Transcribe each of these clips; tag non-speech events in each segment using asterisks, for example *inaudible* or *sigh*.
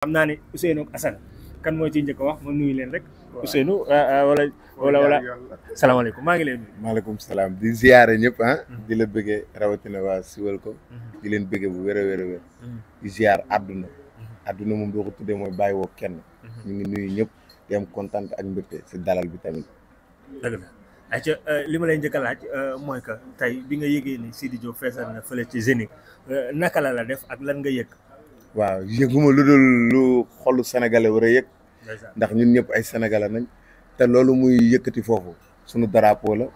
xam naa ni Ousseynou ak kan moo ci njëkk a wax ma nuyu leen rek. waaw euh, euh, wala wala wala. salaamaaleykum maa ngi leen nuyu. maaleykum salaam di ziare ñëpp ah. Mm-hmm. di la bëggee rawatina waa si siwal ko. di leen bëggee bu wér a wér a mm-hmm. di ziar àdduna. Mm-hmm. àdduna moom doo ko tuddee mooy bàyyi woo kenn. ñu ngi nuyu ñëpp di am kontaan ak mbégte si dalal bi tamit. dëgg la ayca euh, li ma lay njëkk a laaj mooy que tey bi nga yëgee ni Sidi Diop feesal na fële ci Zénith naka la la def ak lan nga yëg. waaw yëguma lu dul lu xolu sénégalais war a yëg ndax ñun ñëpp ay sénégalais nañ te loolu muy yëkkati foofu sunu drapeau la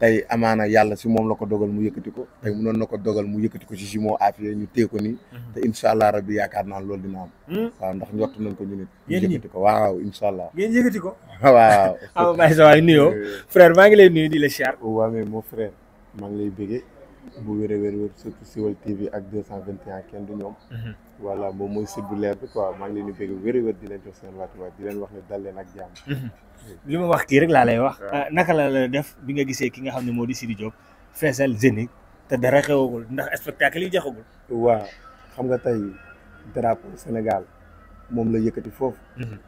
tey amaana yàlla si moom la ko dogal mu yëkkati ko tey munoon na ko dogal mu yëkkati ko si jumeau Afia ñu téye ko mhm. te incha allah rabbi yaakaar naa loolu dina am. Hmm? waaw ndax njort nañ ko ñu ñu yëkkati ko waaw incha allah. ngeen yëkkati ko. *laughs* waaw. Ama Mbaye sa maa ngi lay nuyu di la siyaar. Oh, waaw mais mon maa ngi lay bëggee. bu wér a wér wér surtout Siweul TV ak 221 kenn du ñoom. Mhm. voilà moom mooy site leer bi quoi maa ngi leen di bëgg wéri wér di leen jox seen wàccuwaay di leen wax ne dal leen ak jàmm. *laughs* li ma wax kii rek laa lay wax. Ah, naka la la def bi nga gisee ki nga xam ne moo di Sidy Diop feesal Zénith te dara xewagul ndax spectacle yi jaxagul. waaw xam nga tey drapo Sénégal moom la yëkkati foofu. Mhm.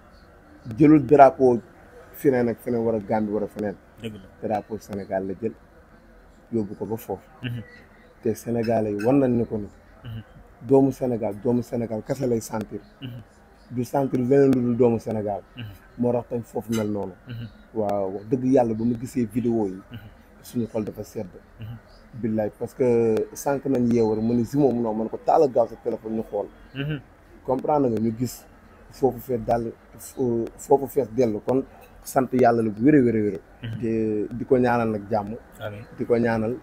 jëlul drapeau feneen ak feneen war a Gàmbi war a feneen. dëgg la drapeau Sénégal la jël yóbbu ko ba foofu. Mhm. te Sénégalais yi wan nañ ne ko ni mhm. doomu Sénégal doomu Sénégal kese lay sentir. du sentir leneen lu dul doomu Sénégal. moo tax tam foofu mel noonu. waaw wax dëgg yàlla ba mu gisee vidéo yi. suñu xol dafa sedd. billaay parce que sànq nañ yeewar mu ne si moom non man ko taal gaaw sa téléphone ñu xool. comprendre nga ñu gis foofu fee dal foofu fees dellu kon sant yàlla la bu wér a wér mhm. te di ko ñaanal nag jàmm. di ko ñaanal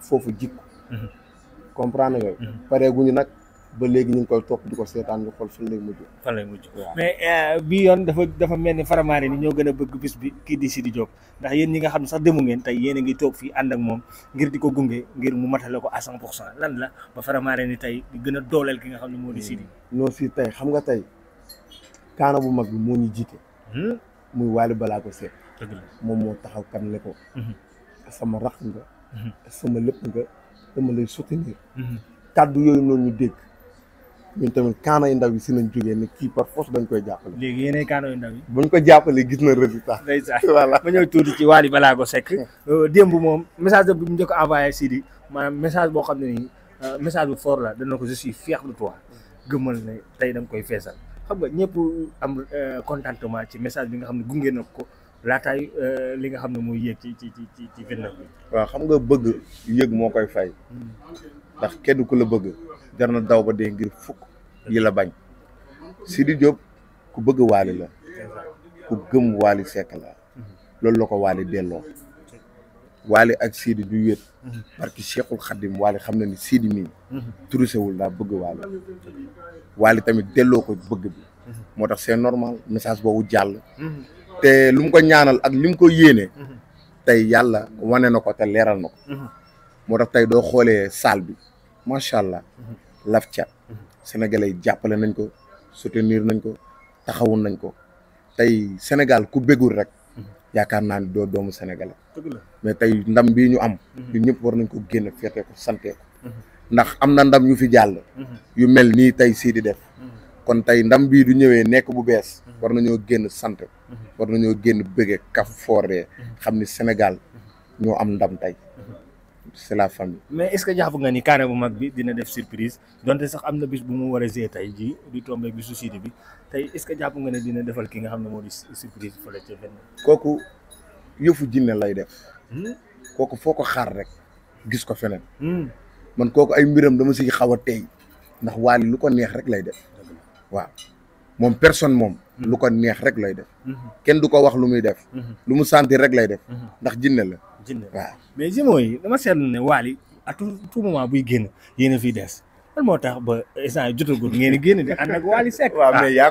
foofu jikko. Mhm. comprendre nga. Mhm. pareeguñu nag ba léegi ñu ngi koy topp di ko seetaan ñu xool fan lay mujj. fan lay mais euh, bii yoon dafa dafa mel ni faramaare ni ñoo gën a bëgg bis bi kii di Sidy Diop ndax yéen ñi nga xam ne sax demu ngeen tey yéen a ngi toog fii ànd ak moom ngir di ko gunge ngir mu matale ko à 100 pour cent lan la ba faramaare ni tey di gën a dooleel ki nga xam ne moo di hmm. Sidy. non si tey xam nga tey kaana bu mag bi moo ñu jiite. Hmm? muy waal balaa Seck. dëgg la moo taxaw kan le ko. Hmm. sama dama lay soutenir. Mhm. kàddu yooyu noonu ñu dégg ñun tamit kaana yu ndaw yi si nañ jógee ne kii par force dañ koy jàppale. léegi yéenay kaana yu ndaw yi. buñ ko jàppalee gis na résultat. ndeysaan voilà ma ñëw tuuti ci Wally sekk Seck. Euh, démb moom message bi mu njëkk a envoyé Sidi maanaam message boo xam ne nii euh, message bu fort la dana ko je suis fier de toi gëmal ne tey da nga koy feesal xam nga ñëpp am euh, contentement ci message bi nga xam ne gunge na ko. laataay euh, li nga xam ne muy yéeg ci ci ci ci fitna bi. waaw xam nga bëgg yéeg moo koy fay. Hmm. ndax kenn ku la bëgg jar na daw ba dee ngir fukk yi la bañ. Sidi Diop ku bëgg waali la. ku gëm waali sekk la. Hmm. loolu la ko waali delloo. waali ak Sidi du wéet. parce hmm. que Cheikhul Khadim waali xam na ni Sidi mii. turusewul daa bëgg waali. waali tamit delloo ko bëgg bi. moo tax c'est normal message boobu jàll. te lu mu ko ñaanal ak li mu ko yéene. Mhm. tey yàlla wane na ko te leeral na ko. Mhm. moo tax tey doo xoolee salle bi macha allah. Mhm. laf cat. sénégalais yi jàppale nañ ko soutenir nañ ko taxawu nañ ko tey Sénégal ku bëggul rek. yaakaar naa ni doo doomu sénégalais. mais tey ndam bi ñu am. ñun ñëpp war nañ ko génn féete ko sante ndax am na ndam yu fi jàll. yu mel nii tey sii di def. kon tey ndam bi du ñëwee nekk bu bees. war nañu génn sante mhm. war nañu génn bëggé kaf foré mhm. xamni Sénégal mhm. ño am ndam tay c'est la famille. mais est-ce que jàpp nga ni carré bu mag bi dina def surprise donte sax amna bis bu mu wara a tay ji di tombé bi société bi tay est-ce que jàpp nga ni dina defal ki nga xam mo moo di surprise fële ca benn. kooku yëfu jinne lay def. Hmm? koku foko ko xaar rek gis ko fenen hmm. man koku ay mbiram dama ci xawa tay ndax wali lu ko neex rek lay def. waaw mom personne mom Mm-hmm. lu ko neex rek lay def mm-hmm. kenn du ko wax lu muy def mm-hmm. lu mu sentir rek lay def ndax jinne la jinne waaw mais jimo yi dama seetlu ne Wally à tout buy génn yéen a fiy des lan moo tax ba instant yi jotagul génn di ànd ak Wally Seck ah, ah,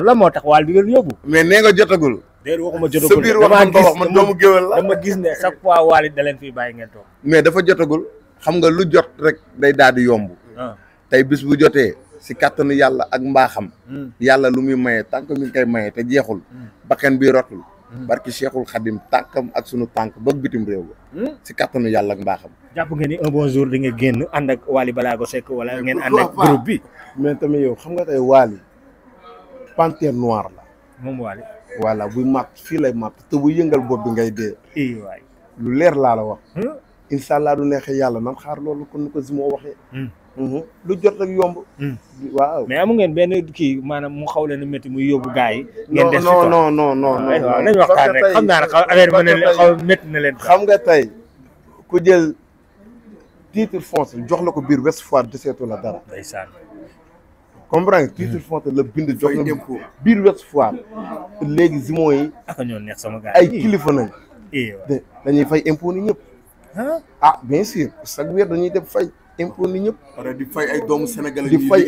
lan moo tax Wally di leen yóbbu mais nee nga jotagul déet waxuma jotagul sa biir wax nga wax man doomu géwél la dama gis ne chaque fois Wally da leen fiy bàyyi ngeen toog mais dafa jotagul xam nga lu jot rek day daal yomb ah. tey bis bu jotee si kàttanu yàlla ak mbaaxam mm. yàlla lu muy maye tànk mi ngi koy maye te jeexul mm. bakkan bi rotul mm. barki cheikhul xadim tànkam ak sunu tànk ba bitim réew la si kàttanu yàlla ak mbaaxam jàpp ngeen ni un bon di nga génn ànd ak Wally Ballago Seck wala ngeen ànd ak groupe bi mais tamit yow xam nga tey Wally panthère noire la moom Wally voilà buy màpp fii lay mat te bu yëngal bopp bi ngay dee waay lu leer laa la wax hmm? incha allah neexee yàlla nan xaar Mm-hmm. lu jot rek yomb. Mm. waaw mais amu ngeen benn kii maanaam mu xaw leen a métti muy yóbbu gars yi. ngeen des ci non non non non non ne xaw leen. xam nga tey ku jël titre foncier jox la ko biir Ouest Foire deseetu la dara. ndeysaan. comprends nga mm. titre foncier la bind jox la biir Ouest Foire léegi zimon yi. ak ñoo neex sama gars ay kilifa nañ. dañuy fay impôt ni ah bien sûr chaque weer dañuy def fay. impôt ni ñëpp. di fay ay doomu Sénégal di fay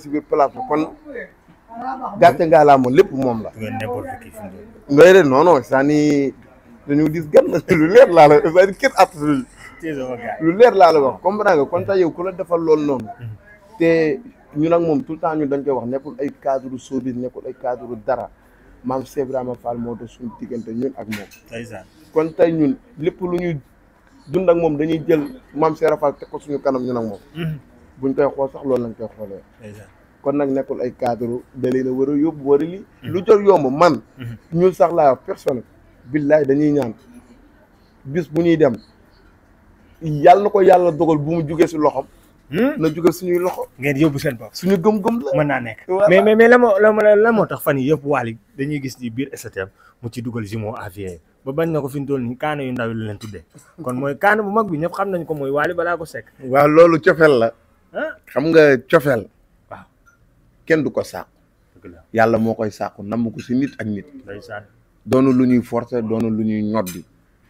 si biir place ngaa laa moom lépp moom la. ngay de non non c'est-à-dire dañoo gis gan *laughs* lu leer laa la c'est-à-dire kenn lu leer laa la wax comprendre kon tey yow ku la defal loolu noonu. Mm-hmm. te ñun ak moom tout le temps ñun dañ koy wax nekkul ay cadre service nekkul ay cadre dara maam Cheikh Ibrahima Fall moo doon suñu diggante ñun ak moom. kon tey ñun lépp lu ñuy. dund ak moom dañuy jël maam Cheikh Rafal teg ko suñu kanam ñu ak moom. Mhm. buñ koy xool sax loolu lañ koy xoolee. kon nag nekkul ay cadre da leen a yóbbu war a li mhm. lu jot yomb man. Mhm. ñu sax laa personne billaay dañuy ñaan bis bu ñuy dem yàlla na ko yàlla dogal bu mu jugee si loxo hmm? na jóge suñuy loxo. ngeen yóbbu seen bopp. suñu gëm-gëm la mën naa nekk. mais mais mais la moo la moo tax fan yii yëpp Wally dañuy gis nii biir STM mu ci dugal jumeau aviaire. ba bañ na ko fi mu toll nii kaana yu ndaw yi la leen tuddee kon mooy kaana bu mag bi ñëpp xam nañ ko mooy waali balaa ko sekk. waa loolu cofeel la. xam nga cofeel. kenn du ko saako. yàlla moo koy sàkku namm ko si nit ak nit. doonu lu ñuy force doonu lu ñuy ñoddi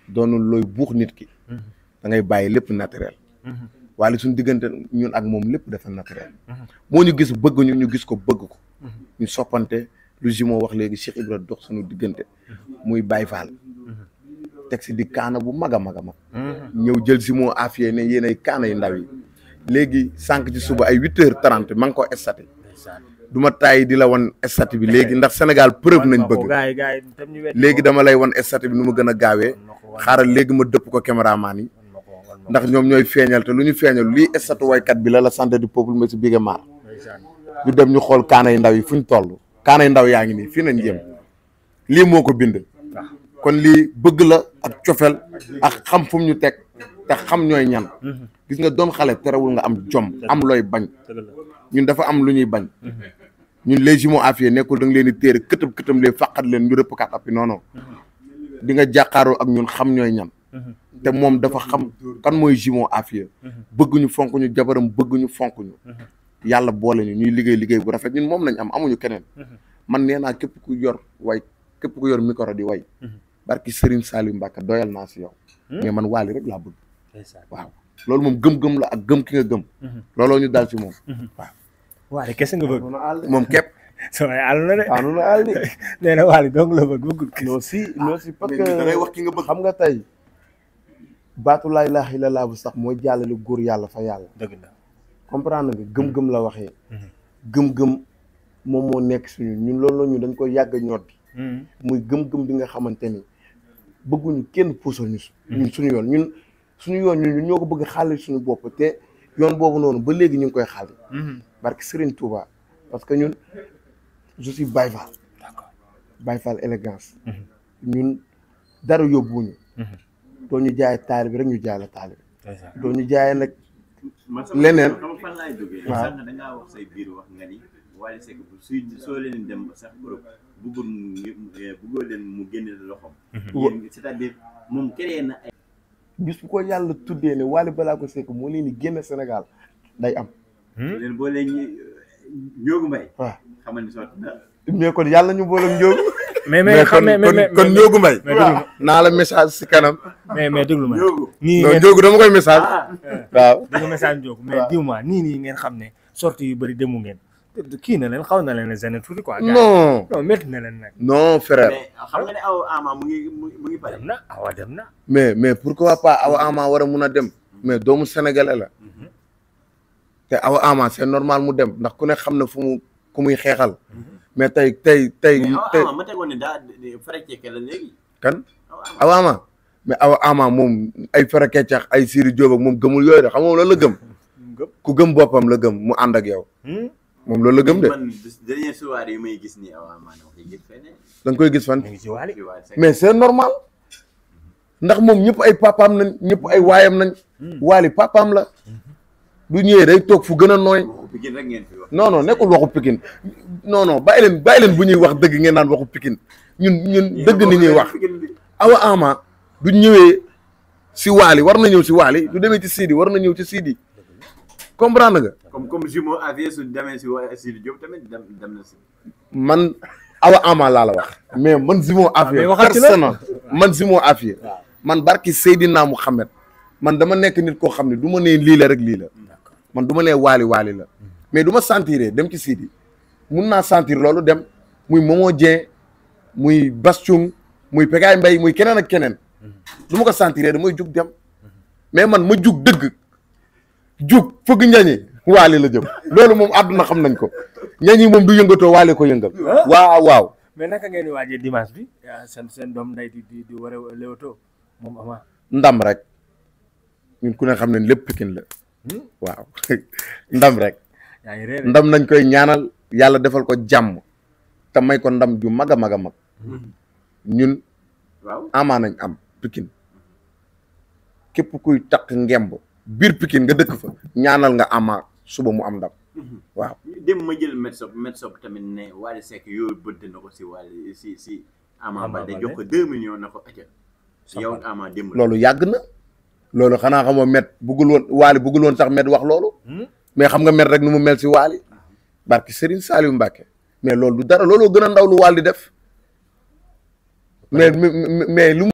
doonu looy buux nit ki. Mhm. da ngay bàyyi lépp naturel. Mhm. waali suñ diggante ñun ak moom lépp defa naturel. Mhm. moo ñu gis bëgguñu ñu gis ko bëgg ko. ñu soppante lu ji moo wax léegi Cheikh Ibrahima dox suñu diggante. muy Baye Fall. teg si di kaana bu mag a mag a mag mm-hmm. ñëw jël si moo affiyee ne yéen kaana yu ndaw yi léegi sànq ci suba ay huit heures trente ma ngi ko estati du ma tàyyi di la wan estati bi léegi ndax Sénégal preuve nañ bëgg léegi dama lay wan estati bi nu ma gën a gaawee xaaral léegi ma dëpp ko caméraman yi ndax ñoom ñooy feeñal te lu ñu feeñal lii estatu waykat bi la la santé du peuple monsieur Bigué Mar ñu dem ñu xool kaana yu ndaw yi fu ñu toll kaana yu ndaw yaa ngi nii fii nañ jëm lii moo ko bind kon lii bëgg la ak cofeel ak xam fu ñu teg te xam ñooy ñan gis nga doon xale terewul nga am jom am looy bañ ñun dafa am lu ñuy bañ ñun les jumeaux Afia nekkul da nga leen di téere këtam këtam leen fàqat leen ñu rëpp kat appi noonon di nga jàkkaaroo ak ñun xam ñooy ñan te moom dafa xam kan mooy jumeaux Afia bëgg ñu fonk ñu jabaram bëgg ñu fonk ñu yàlla boole ñu ñuy liggéey liggéey bu rafet ñun moom lañu am amuñu keneen man nee naa képp ku yor way képp ku yor micro di way barki Serigne Saliou Mbacke doyal naa si yow. Hmm? mais man Wally rek laa bëgg. waaw loolu moom gëm-gëm la ak gëm ki nga gëm. Hmm. looloo ñu daal si moom. Hmm. waaw Wally kese nga bëgg. moom képp. *laughs* samay àll *laughs* la sax mooy jàllale góor yàlla fa yàlla dëgg la comprendre nga gëm-gëm la waxee gëm-gëm moom moo nekk suñu ñun loolu la ñu dañ koy yàgg ñoddi muy gëm-gëm bi nga xamante ni bëgguñu kenn puusal ñu hmm. suñu yoon ñun suñu yoon ñoo ko bëgg xàll suñu bopp te yoon boobu noonu ba léegi ñu ngi koy xàll hmm. barke Serigne Touba parce que ñun je suis Baye Fall d'accord Baye Fall élégance hmm. ñun dara yóbbuwuñu doo ñu jaay taali bi rek ñu jaay la taali doo ñu jaay nag leneen Eh, bëggoon leen mu génne loxo mhm. c'est-à-dire moom créé na ay. bis bu ko yàlla tuddee ne Wally Ballago Seck moo leen day am. leen hmm? boo leen ñoogu mbay. waaw kon yàlla ñu boolem ñoogu. mais mais xam mais mais kon ñoogu mbay. si kanam. mais mais déglu ma nii ngeen ñoogu dama koy message. Ah. waaw *laughs* nii nii ngeen xam ne sorti yu bëri demu ngeen. kii na leen xaw na leen gêné tuuti quoi. non non métti na leen nag. non frère. mais xam aw ama mu ngi dem na mais mais pourquoi pas awa ama war a mun a dem. Mm-hmm. mais doomu sénégalais la. Mm-hmm. te awa ama c'est normal mu dem ndax ku ne xam na fu mu ku muy xeexal. Mm-hmm. mais tey tey tey. mais kan awa ama. mais aw ama moom ay farakee cax ay siiri jóob ak moom gëmul yooyu de xam nga loolu la gëm. ku gëm boppam la gëm mu ànd ak yow. Hmm? moom loolu la gëm de man dernier soir yi may gis nii da nga koy gis fan. mais c'est normal. ndax moom ñëpp ay papam nañ ñëpp ay waayam nañ. Hmm. waali papaam la. du ñëwee day toog fu gën a nooy. non non nekkul waxu pikin. non ba bàyyi leen leen bu ñuy wax dëgg ngeen naan waxu pikin ñun ñun dëgg ni ñuy wax. awa ama du ñëwee si waali war na ñëw si waali du demee ci siidi war na ñëw ci siidi. comprendre nga. comme comme jumeau avia suñ démé ci waa Sidi Diop tamit dem dem na ci man awa ama laa la wax. mais man jumeau avia. personne man jumeau avia. man barki Seydina Mouhamed man dama nekk nit koo xam ne du la rek lii la. man du ma nee waali la. mais du ma dem ci Sidi mun naa sentir loolu dem muy Momo Dieng muy Bastion muy Pekaay Mbaye muy keneen ak keneen. du ko sentir damay jug dem mais man ma jug dëgg. jug fëgg ñañi waale la jëm loolu moom àdduna xam nañ ko ñañi moom du yëngatoo waale ko yëngal. waaw waaw. mais naka ngeen di waajee bi. seen seen doom nday di di war a Leewtoo moom ndam rek ñun ku ne xam ne lépp Pikine la hmm? waaw *laughs* ndam rek. ndam nañ koy ñaanal yàlla defal ko jàmm te may ko ndam ju mag a mag a mag hmm. ñun. waaw amaa nañ am Pikine képp kuy takk ngemb. biir Pikine nga dëkk fa ñaanal nga Ama suba mu am ndam. Mhm. waaw dem ma jël Medsop Medsop tamit ne Wally Seck yooyu bëdd na ko si si si. Ama Baldé jox ko 2 millions na ko acca. yow Ama démb loolu yàgg na. loolu xanaa xam nga Med bëggul woon Wally bëggul woon sax Med wax loolu. Hmm? mais xam nga Med rek nu mu mel si Wally. Ah. barki Serigne Saliou Mbacké. mais loolu du dara looloo gën a ndaw lu Wally di def. mais mais lu